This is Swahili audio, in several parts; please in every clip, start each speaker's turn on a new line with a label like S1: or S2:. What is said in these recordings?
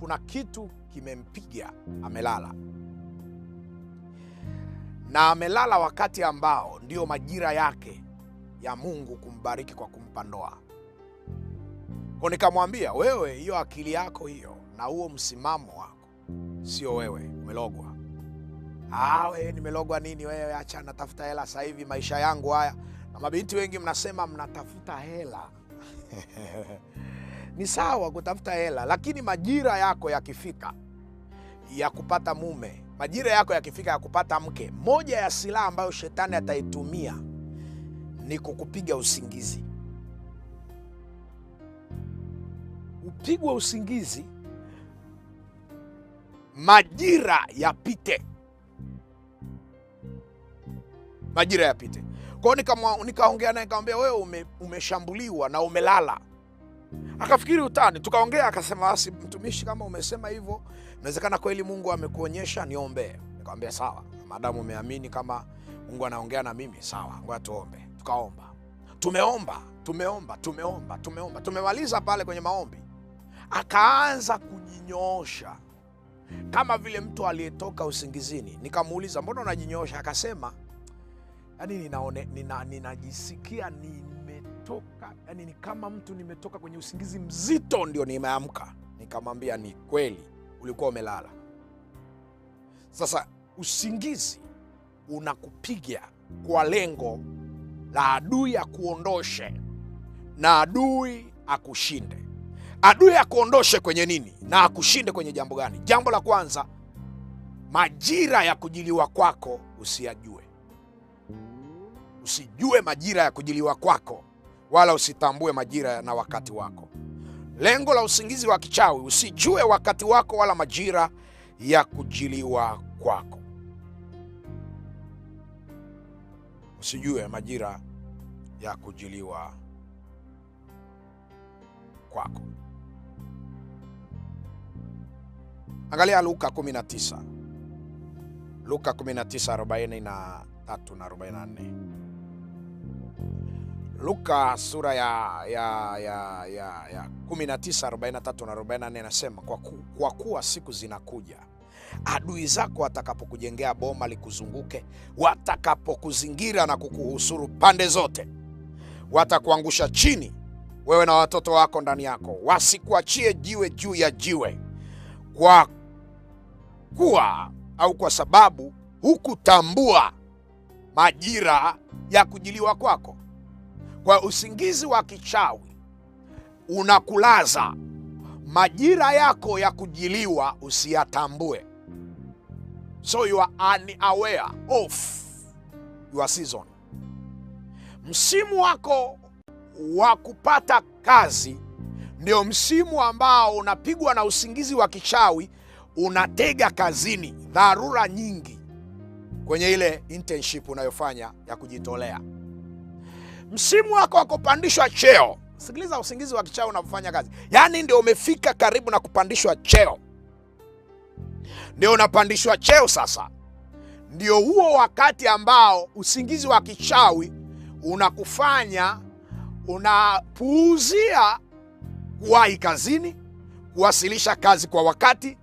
S1: kuna kitu kimempiga, amelala na amelala wakati ambao ndiyo majira yake ya Mungu kumbariki kwa kumpa ndoa. Kwa nikamwambia, wewe, hiyo akili yako hiyo na huo msimamo wako sio wewe, umelogwa. Ah, nimelogwa nini? Wewe acha natafuta hela sasa hivi, maisha yangu haya. Na mabinti wengi mnasema mnatafuta hela Ni sawa kutafuta hela, lakini majira yako yakifika ya kupata mume, majira yako yakifika ya kupata mke, moja ya silaha ambayo shetani ataitumia ni kukupiga usingizi. Upigwe usingizi, majira yapite, majira yapite. Kwao nikaongea naye nikamwambia, wewe ume, umeshambuliwa na umelala Akafikiri utani, tukaongea, akasema basi, mtumishi, kama umesema hivyo, inawezekana kweli Mungu amekuonyesha, niombee. Nikamwambia sawa, madamu umeamini kama Mungu anaongea na mimi, sawa, ngoja tuombe. Tukaomba, tumeomba, tumeomba, tumeomba, tumeomba, tumemaliza pale kwenye maombi, akaanza kujinyoosha kama vile mtu aliyetoka usingizini. Nikamuuliza, mbona unajinyoosha? Akasema, yaani ninajisikia nina, nina nimetoka yani, ni kama mtu nimetoka kwenye usingizi mzito ndio nimeamka. Nikamwambia ni kweli ulikuwa umelala. Sasa usingizi unakupiga kwa lengo la adui akuondoshe na adui akushinde. Adui akuondoshe kwenye nini na akushinde kwenye jambo gani? Jambo la kwanza, majira ya kujiliwa kwako usiyajue. Usijue majira ya kujiliwa kwako wala usitambue majira na wakati wako. Lengo la usingizi wa kichawi, usijue wakati wako wala majira ya kujiliwa kwako. Usijue majira ya kujiliwa kwako. Angalia Luka 19, Luka 19:43 na 44. Luka sura ya, ya, ya, ya, ya 19:43 na 44 inasema kwa, ku, kwa kuwa siku zinakuja adui zako watakapokujengea boma likuzunguke, watakapokuzingira na kukuhusuru pande zote, watakuangusha chini wewe na watoto wako ndani yako, wasikuachie jiwe juu ya jiwe, kwa kuwa au kwa sababu hukutambua majira ya kujiliwa kwako. Kwa usingizi wa kichawi unakulaza. Majira yako ya kujiliwa usiyatambue, so you are unaware of your season. Msimu wako wa kupata kazi ndio msimu ambao unapigwa na usingizi wa kichawi, unatega kazini, dharura nyingi kwenye ile internship unayofanya ya kujitolea msimu wako wa kupandishwa cheo. Sikiliza usingizi wa kichawi unavyofanya kazi, yaani ndio umefika karibu na kupandishwa cheo, ndio unapandishwa cheo sasa. Ndio huo wakati ambao usingizi wa kichawi unakufanya unapuuzia kuwahi kazini, kuwasilisha kazi kwa wakati.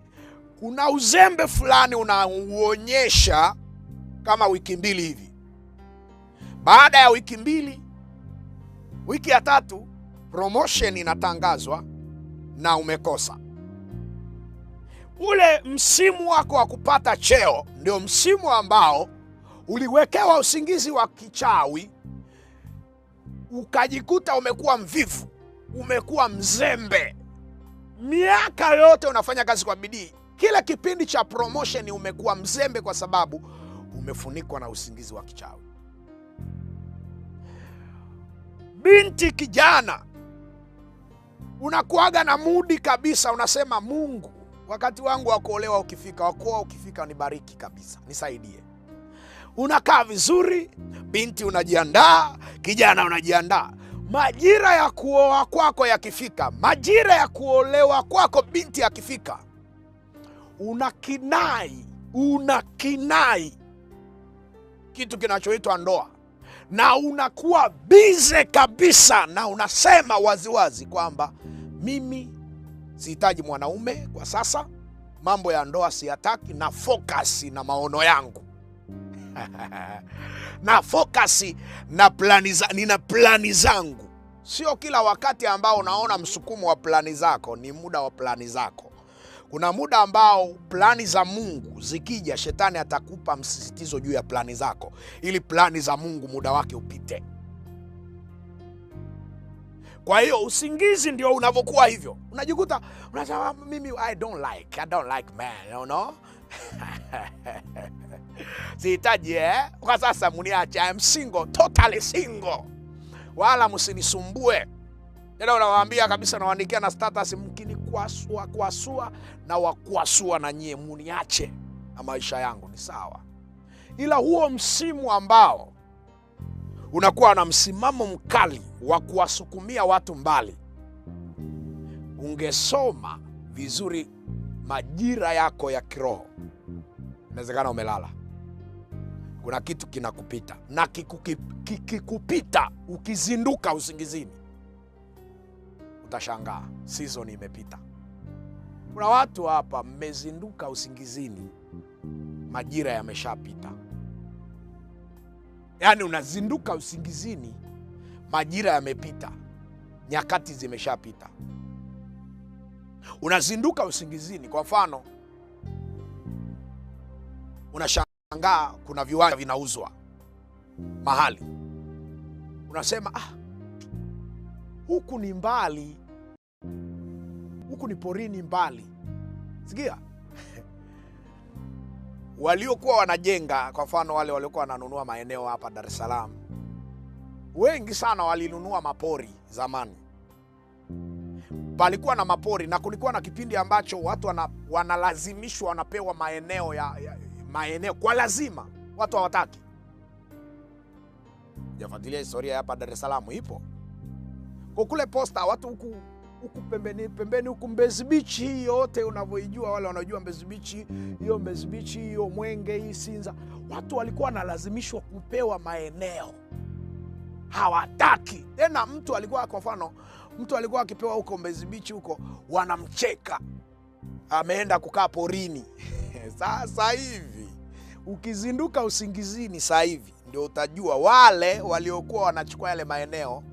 S1: Kuna uzembe fulani unauonyesha kama wiki mbili hivi. Baada ya wiki mbili Wiki ya tatu promotion inatangazwa na umekosa. Ule msimu wako wa kupata cheo ndio msimu ambao uliwekewa usingizi wa kichawi, ukajikuta umekuwa mvivu, umekuwa mzembe. Miaka yote unafanya kazi kwa bidii, kila kipindi cha promotion umekuwa mzembe, kwa sababu umefunikwa na usingizi wa kichawi. binti kijana unakuaga na mudi kabisa, unasema Mungu, wakati wangu wa kuolewa ukifika, wakuoa ukifika, nibariki kabisa, nisaidie. Unakaa vizuri, binti unajiandaa, kijana unajiandaa. Majira ya kuoa kwako yakifika, majira ya kuolewa kwako binti yakifika, unakinai unakinai kitu kinachoitwa ndoa na unakuwa bize kabisa, na unasema waziwazi kwamba mimi sihitaji mwanaume kwa sasa, mambo ya ndoa siyataki, na fokasi na maono yangu na fokasi na plani za, nina plani zangu. Sio kila wakati ambao unaona msukumo wa plani zako, ni muda wa plani zako. Kuna muda ambao plani za Mungu zikija, shetani atakupa msisitizo juu ya plani zako, ili plani za Mungu muda wake upite. Kwa hiyo usingizi ndio unavyokuwa hivyo, unajikuta unasema mimi I don't like, I don't like man, you know? Sihitaji eh? Kwa sasa mniache, I single, totally single, wala msinisumbue. Tena unawaambia kabisa, nawandikia na status mki kuasua na wakuasua na nyie, muniache na maisha yangu ni sawa. Ila huo msimu ambao unakuwa na msimamo mkali wa kuwasukumia watu mbali, ungesoma vizuri majira yako ya kiroho, inawezekana umelala, kuna kitu kinakupita na kikikupita, ukizinduka usingizini utashangaa sizoni imepita. Kuna watu hapa mmezinduka usingizini, majira yameshapita. Yaani unazinduka usingizini, majira yamepita, nyakati zimeshapita. Unazinduka usingizini, kwa mfano unashangaa kuna viwanja vinauzwa mahali, unasema ah, huku ni mbali huku ni porini mbali, sikia waliokuwa wanajenga kwa mfano wale waliokuwa wananunua maeneo hapa Dar es Salaam, wengi sana walinunua mapori zamani. Palikuwa na mapori na kulikuwa na kipindi ambacho watu wana, wanalazimishwa wanapewa maeneo ya, ya maeneo kwa lazima, watu hawataki. Jafuatilia historia hapa Dar es Salaam ipo kwa kule posta, watu huku huku pembeni pembeni huku mbezibichi hii yote unavyoijua, wale wanaojua mbezibichi hiyo, mbezibichi hiyo, Mwenge hii, Sinza, watu walikuwa wanalazimishwa kupewa maeneo hawataki tena. Mtu alikuwa kwa mfano, mtu alikuwa akipewa huko mbezibichi huko, wanamcheka ameenda kukaa porini. Sasa hivi ukizinduka usingizini, sahivi hivi ndio utajua wale waliokuwa wanachukua yale maeneo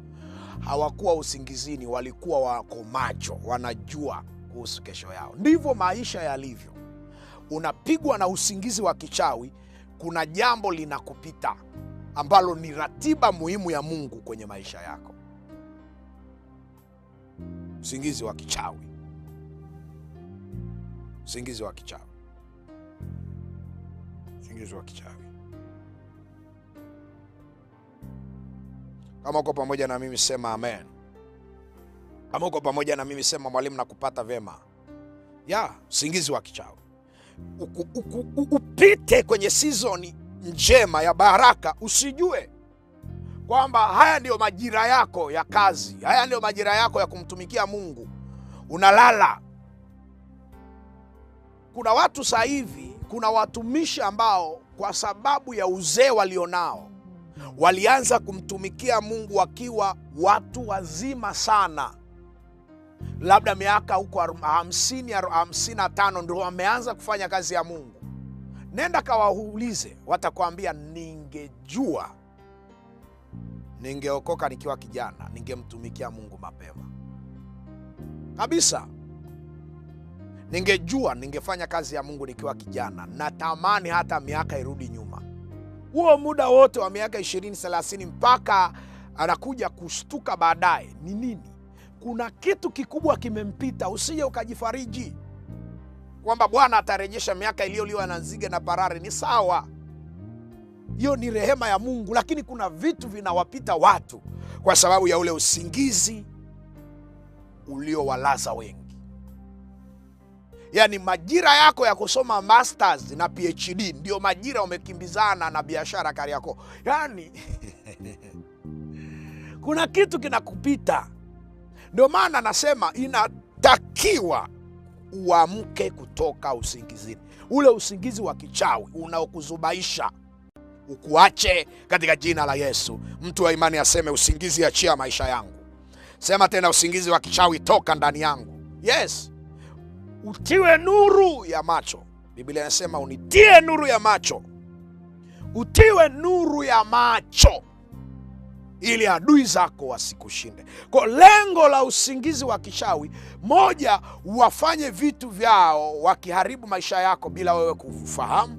S1: hawakuwa usingizini, walikuwa wako macho, wanajua kuhusu kesho yao. Ndivyo maisha yalivyo. Unapigwa na usingizi wa kichawi, kuna jambo linakupita ambalo ni ratiba muhimu ya Mungu kwenye maisha yako. Usingizi wa kichawi, usingizi wa kichawi, usingizi wa kichawi. Kama uko pamoja na mimi sema amen. Kama uko pamoja na mimi sema mwalimu, nakupata vyema. Ya usingizi wa kichawi upite kwenye sizoni njema ya baraka, usijue kwamba haya ndiyo majira yako ya kazi, haya ndiyo majira yako ya kumtumikia Mungu. Unalala. Kuna watu sasa hivi, kuna watumishi ambao kwa sababu ya uzee walionao Walianza kumtumikia Mungu wakiwa watu wazima sana, labda miaka huko hamsini hamsini na tano ndio wameanza kufanya kazi ya Mungu. Nenda kawaulize, watakwambia ningejua ningeokoka nikiwa kijana, ningemtumikia Mungu mapema kabisa. Ningejua ningefanya kazi ya Mungu nikiwa kijana. Natamani hata miaka irudi nyuma huo muda wote wa miaka ishirini thelathini mpaka anakuja kushtuka baadaye ni nini? Kuna kitu kikubwa kimempita. Usije ukajifariji kwamba Bwana atarejesha miaka iliyoliwa na nzige na parare. Ni sawa, hiyo ni rehema ya Mungu, lakini kuna vitu vinawapita watu kwa sababu ya ule usingizi uliowalaza wengi yani majira yako ya kusoma masters na PhD ndio majira umekimbizana na biashara yako yani kuna kitu kinakupita. Ndio maana nasema inatakiwa uamke kutoka usingizini, ule usingizi wa kichawi unaokuzubaisha ukuache katika jina la Yesu. Mtu wa imani aseme, usingizi, achia maisha yangu. Sema tena, usingizi wa kichawi, toka ndani yangu. Yes, utiwe nuru ya macho. Biblia inasema unitie nuru ya macho, utiwe nuru ya macho ili adui zako wasikushinde. Kwa lengo la usingizi wa kishawi, moja, wafanye vitu vyao wakiharibu maisha yako bila wewe kufahamu,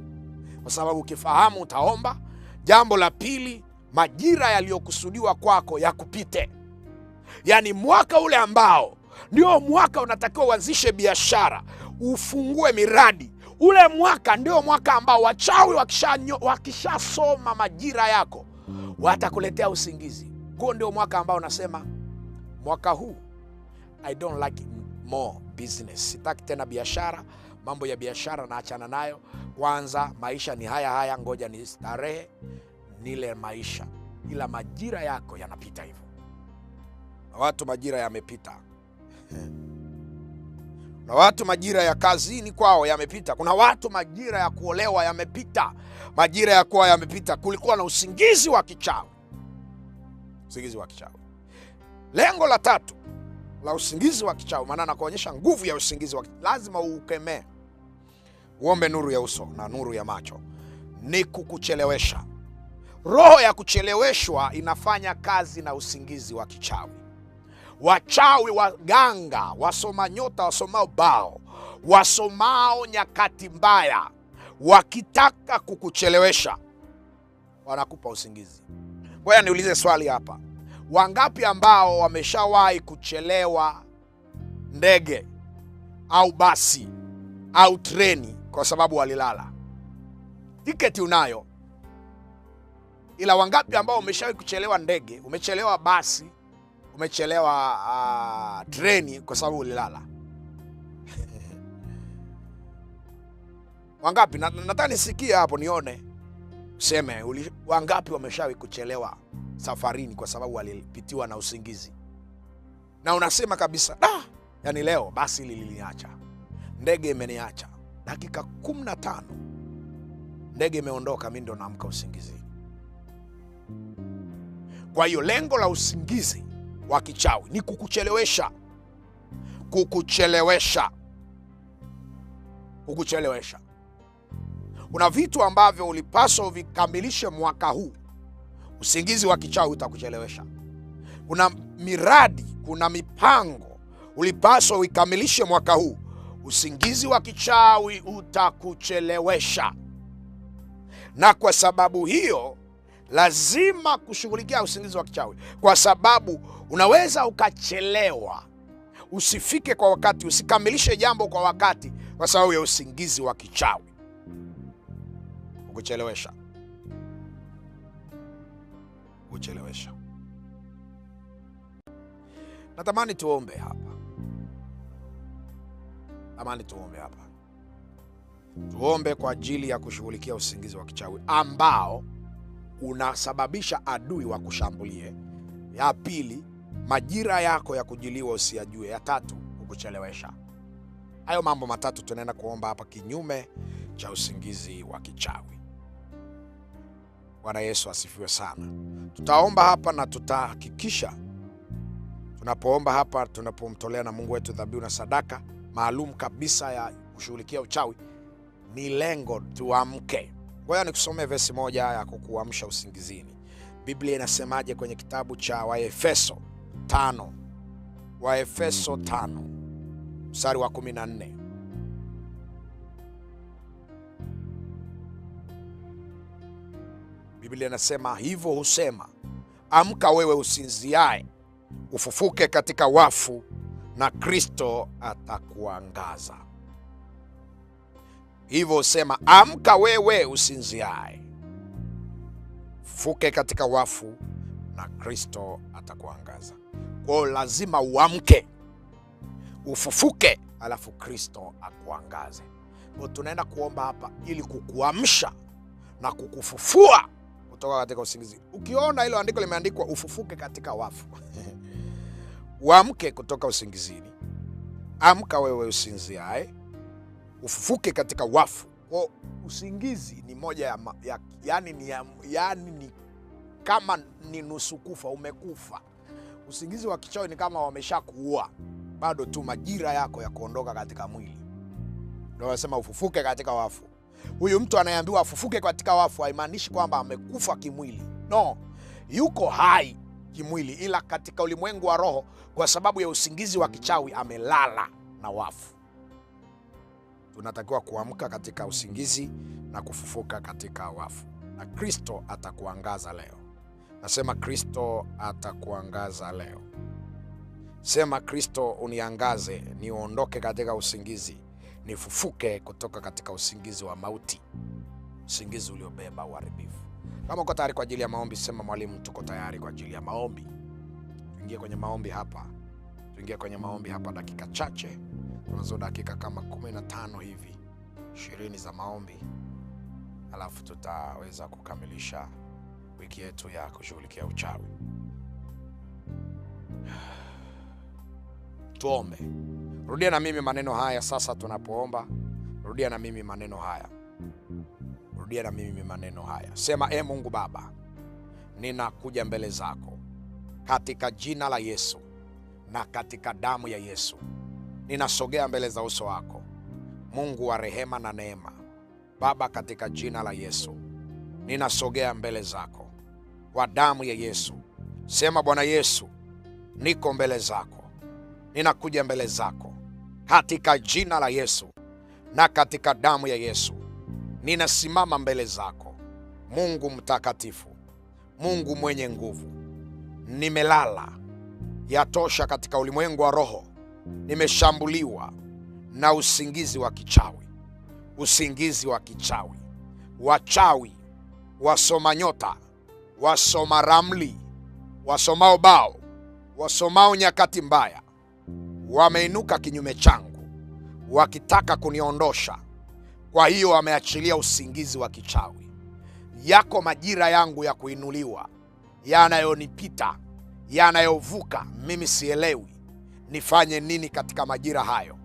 S1: kwa sababu ukifahamu utaomba. Jambo la pili, majira yaliyokusudiwa kwako yakupite, yaani mwaka ule ambao ndio mwaka unatakiwa uanzishe biashara, ufungue miradi. Ule mwaka ndio mwaka ambao wachawi wakishasoma wakisha majira yako watakuletea usingizi. Huo ndio mwaka ambao unasema mwaka huu I don't like more business, sitaki tena biashara. Mambo ya biashara naachana nayo kwanza. Maisha ni haya haya, ngoja ni starehe nile maisha. Ila majira yako yanapita hivyo, watu, majira yamepita. Kuna watu majira ya kazini kwao yamepita. Kuna watu majira ya kuolewa yamepita, majira ya kuwa yamepita. Kulikuwa na usingizi wa kichawi, usingizi wa kichawi. Lengo la tatu la usingizi wa kichawi, maana nakuonyesha nguvu ya usingizi wa kichawi, lazima uukemee, uombe nuru ya uso na nuru ya macho, ni kukuchelewesha. Roho ya kucheleweshwa inafanya kazi na usingizi wa kichawi wachawi, waganga, wasoma nyota, wasomao bao, wasomao nyakati mbaya, wakitaka kukuchelewesha wanakupa usingizi. Ngoja niulize swali hapa, wangapi ambao wameshawahi kuchelewa ndege au basi au treni kwa sababu walilala? Tiketi unayo, ila wangapi ambao umeshawahi kuchelewa ndege, umechelewa basi umechelewa uh, ah, treni kwa sababu ulilala. wangapi? Nataka nisikie hapo nione, useme wangapi wameshawahi kuchelewa safarini kwa sababu walipitiwa na usingizi, na unasema kabisa ah, yani leo basi liliniacha, ndege imeniacha dakika kumi na tano ndege imeondoka, mi ndo naamka usingizini. Kwa hiyo lengo la usingizi wa kichawi ni kukuchelewesha, kukuchelewesha, kukuchelewesha. Kuna vitu ambavyo ulipaswa uvikamilishe mwaka huu, usingizi wa kichawi utakuchelewesha. Kuna miradi, kuna mipango ulipaswa uikamilishe mwaka huu, usingizi wa kichawi utakuchelewesha. Na kwa sababu hiyo lazima kushughulikia usingizi wa kichawi, kwa sababu Unaweza ukachelewa, usifike kwa wakati, usikamilishe jambo kwa wakati kwa sababu ya usingizi wa kichawi ukuchelewesha kuchelewesha. Natamani tuombe hapa, natamani tuombe hapa, tuombe kwa ajili ya kushughulikia usingizi wa kichawi ambao unasababisha adui wa kushambulie. Ya pili Majira yako ya kujiliwa usiyajue. Ya tatu, kukuchelewesha. Hayo mambo matatu tunaenda kuomba hapa, kinyume cha usingizi wa kichawi. Bwana Yesu asifiwe sana. Tutaomba hapa na tutahakikisha tunapoomba hapa, tunapomtolea na Mungu wetu dhabihu na sadaka maalum kabisa ya kushughulikia uchawi, ni lengo tuamke. Ngoja nikusomee vesi moja ya kukuamsha usingizini. Biblia inasemaje kwenye kitabu cha Waefeso tano efeso tano mstari wa kumi na nne biblia inasema hivyo husema amka wewe usinziae ufufuke katika wafu na kristo atakuangaza hivyo husema amka wewe usinziae fuke katika wafu na kristo atakuangaza kwa lazima uamke, ufufuke, alafu Kristo akuangaze. ko tunaenda kuomba hapa ili kukuamsha na kukufufua kutoka katika usingizi. Ukiona hilo andiko limeandikwa ufufuke katika wafu uamke kutoka usingizini. Amka wewe usinziae, ufufuke katika wafu. kwao usingizi ni moja ya, ya, yani, ni, yani ni kama ni nusu kufa, umekufa Usingizi wa kichawi ni kama wameshakuua, bado tu majira yako ya kuondoka katika mwili. Ndio wanasema ufufuke katika wafu. Huyu mtu anayeambiwa afufuke katika wafu haimaanishi kwamba amekufa kimwili, no, yuko hai kimwili, ila katika ulimwengu wa roho, kwa sababu ya usingizi wa kichawi amelala na wafu. Tunatakiwa kuamka katika usingizi na kufufuka katika wafu, na Kristo atakuangaza leo. Nasema Kristo atakuangaza leo. Sema Kristo, uniangaze, niondoke katika usingizi, nifufuke kutoka katika usingizi wa mauti, usingizi uliobeba uharibifu. Kama uko tayari kwa ajili ya maombi, sema mwalimu, tuko tayari kwa ajili ya maombi. Tuingie kwenye maombi hapa, tuingie kwenye maombi hapa, dakika chache. Tunazo dakika kama 15 hivi, ishirini za maombi, alafu tutaweza kukamilisha wiki yetu ya kushughulikia uchawi. Tuombe. Rudia na mimi maneno haya sasa tunapoomba. Rudia na mimi maneno haya. Rudia na mimi maneno haya. Sema, e Mungu Baba, ninakuja mbele zako katika jina la Yesu na katika damu ya Yesu. Ninasogea mbele za uso wako, Mungu wa rehema na neema. Baba, katika jina la Yesu ninasogea mbele zako wa damu ya Yesu. Sema, Bwana Yesu, niko mbele zako, ninakuja mbele zako katika jina la Yesu na katika damu ya Yesu ninasimama mbele zako, Mungu mtakatifu, Mungu mwenye nguvu. Nimelala, yatosha katika ulimwengu wa roho. Nimeshambuliwa na usingizi wa kichawi, usingizi wa kichawi, wachawi, wasoma nyota wasoma ramli, wasomao bao, wasomao nyakati mbaya, wameinuka kinyume changu, wakitaka kuniondosha. Kwa hiyo wameachilia usingizi wa kichawi. Yako majira yangu ya kuinuliwa, yanayonipita, yanayovuka, mimi sielewi nifanye nini katika majira hayo.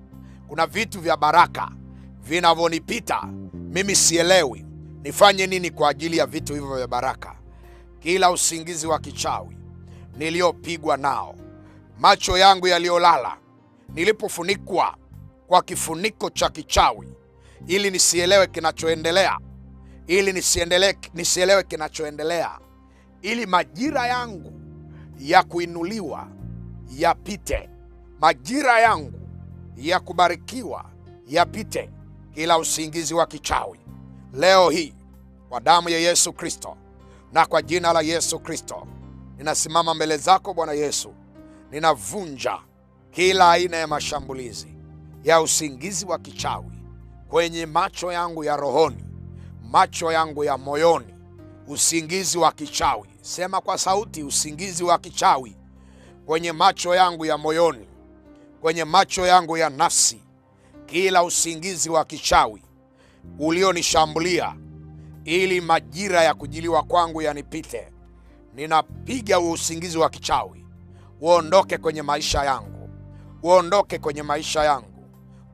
S1: Kuna vitu vya baraka vinavyonipita, mimi sielewi nifanye nini kwa ajili ya vitu hivyo vya baraka kila usingizi wa kichawi niliyopigwa nao, macho yangu yaliyolala, nilipofunikwa kwa kifuniko cha kichawi ili nisielewe kinachoendelea, ili nisiendelee, nisielewe kinachoendelea, ili majira yangu ya kuinuliwa yapite, majira yangu ya kubarikiwa yapite, kila usingizi wa kichawi leo hii kwa damu ya Yesu Kristo na kwa jina la Yesu Kristo ninasimama mbele zako Bwana Yesu, ninavunja kila aina ya mashambulizi ya usingizi wa kichawi kwenye macho yangu ya rohoni, macho yangu ya moyoni, usingizi wa kichawi. Sema kwa sauti, usingizi wa kichawi kwenye macho yangu ya moyoni, kwenye macho yangu ya nafsi, kila usingizi wa kichawi ulionishambulia ili majira ya kujiliwa kwangu yanipite. Ninapiga usingizi wa kichawi, uondoke kwenye maisha yangu, uondoke kwenye maisha yangu.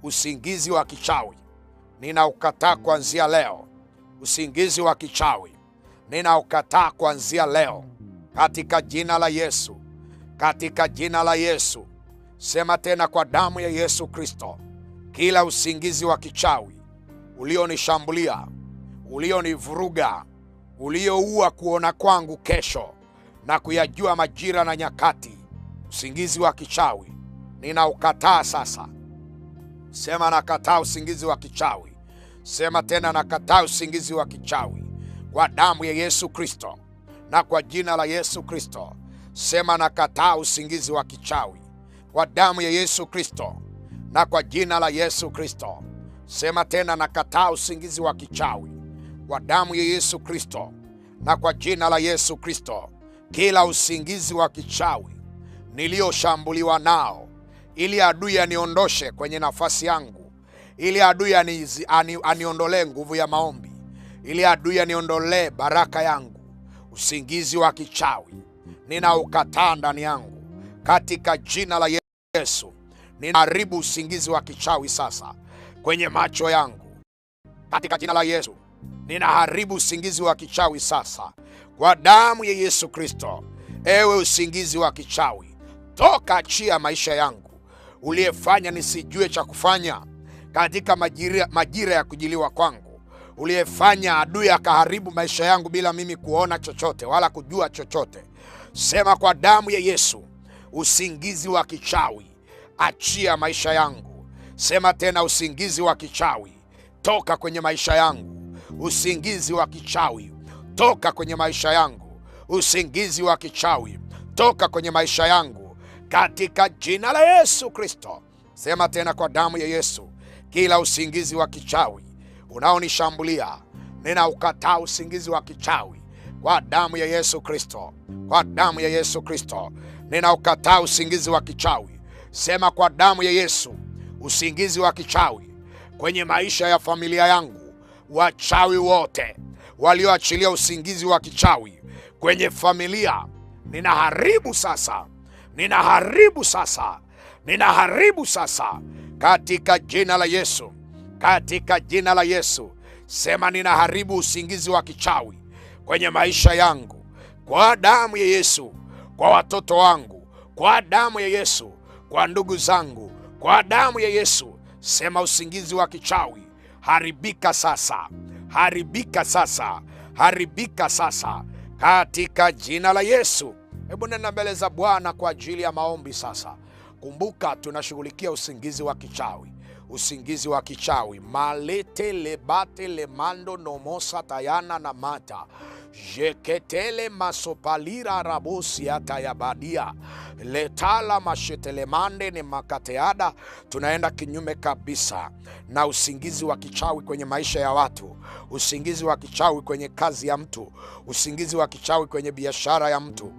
S1: Usingizi wa kichawi ninaukataa kuanzia leo. Usingizi wa kichawi ninaukataa kuanzia leo, katika jina la Yesu, katika jina la Yesu. Sema tena, kwa damu ya Yesu Kristo, kila usingizi wa kichawi ulionishambulia ulionivuruga, ulioua kuona kwangu kesho na kuyajua majira na nyakati. Usingizi wa kichawi ninaukataa sasa. Sema nakataa usingizi wa kichawi. Sema tena nakataa usingizi wa kichawi kwa damu ya Yesu Kristo na kwa jina la Yesu Kristo. Sema nakataa usingizi wa kichawi kwa damu ya Yesu Kristo na kwa jina la Yesu Kristo. Sema tena nakataa usingizi wa kichawi wa damu ya Yesu Kristo, na kwa jina la Yesu Kristo, kila usingizi wa kichawi niliyoshambuliwa nao, ili adui aniondoshe kwenye nafasi yangu, ili adui ani, ani, aniondolee nguvu ya maombi, ili adui aniondolee baraka yangu, usingizi wa kichawi ninaukataa ndani yangu katika jina la Yesu. Ninaharibu usingizi wa kichawi sasa kwenye macho yangu katika jina la Yesu ninaharibu usingizi wa kichawi sasa kwa damu ya Yesu Kristo. Ewe usingizi wa kichawi, toka, achia maisha yangu, uliyefanya nisijue cha kufanya katika majira, majira ya kujiliwa kwangu, uliyefanya adui akaharibu maisha yangu bila mimi kuona chochote wala kujua chochote. Sema kwa damu ya Yesu, usingizi wa kichawi, achia maisha yangu. Sema tena, usingizi wa kichawi, toka kwenye maisha yangu usingizi wa kichawi toka kwenye maisha yangu, usingizi wa kichawi toka kwenye maisha yangu, katika jina la Yesu Kristo. Sema tena kwa damu ya Yesu, kila usingizi wa kichawi unaonishambulia ninaukataa, usingizi wa kichawi kwa damu ya Yesu Kristo, kwa damu ya Yesu Kristo ninaukataa usingizi wa kichawi. Sema kwa damu ya Yesu, usingizi wa kichawi kwenye maisha ya familia yangu wachawi wote walioachilia usingizi wa kichawi kwenye familia, ninaharibu sasa, ninaharibu sasa, ninaharibu sasa katika jina la Yesu, katika jina la Yesu. Sema, ninaharibu usingizi wa kichawi kwenye maisha yangu kwa damu ya Yesu, kwa watoto wangu kwa damu ya Yesu, kwa ndugu zangu kwa damu ya Yesu. Sema, usingizi wa kichawi haribika sasa, haribika sasa, haribika sasa katika jina la Yesu. Hebu nenda mbele za Bwana kwa ajili ya maombi sasa. Kumbuka tunashughulikia usingizi wa kichawi usingizi wa kichawi malete lebate lemando nomosa tayana na mata jeketele masopalira rabosi atayabadia letala mashetelemande ni makateada. Tunaenda kinyume kabisa na usingizi wa kichawi kwenye maisha ya watu, usingizi wa kichawi kwenye kazi ya mtu, usingizi wa kichawi kwenye biashara ya mtu,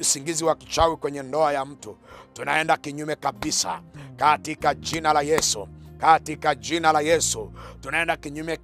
S1: usingizi wa kichawi kwenye ndoa ya mtu. Tunaenda kinyume kabisa katika jina la Yesu, katika jina la Yesu tunaenda kinyume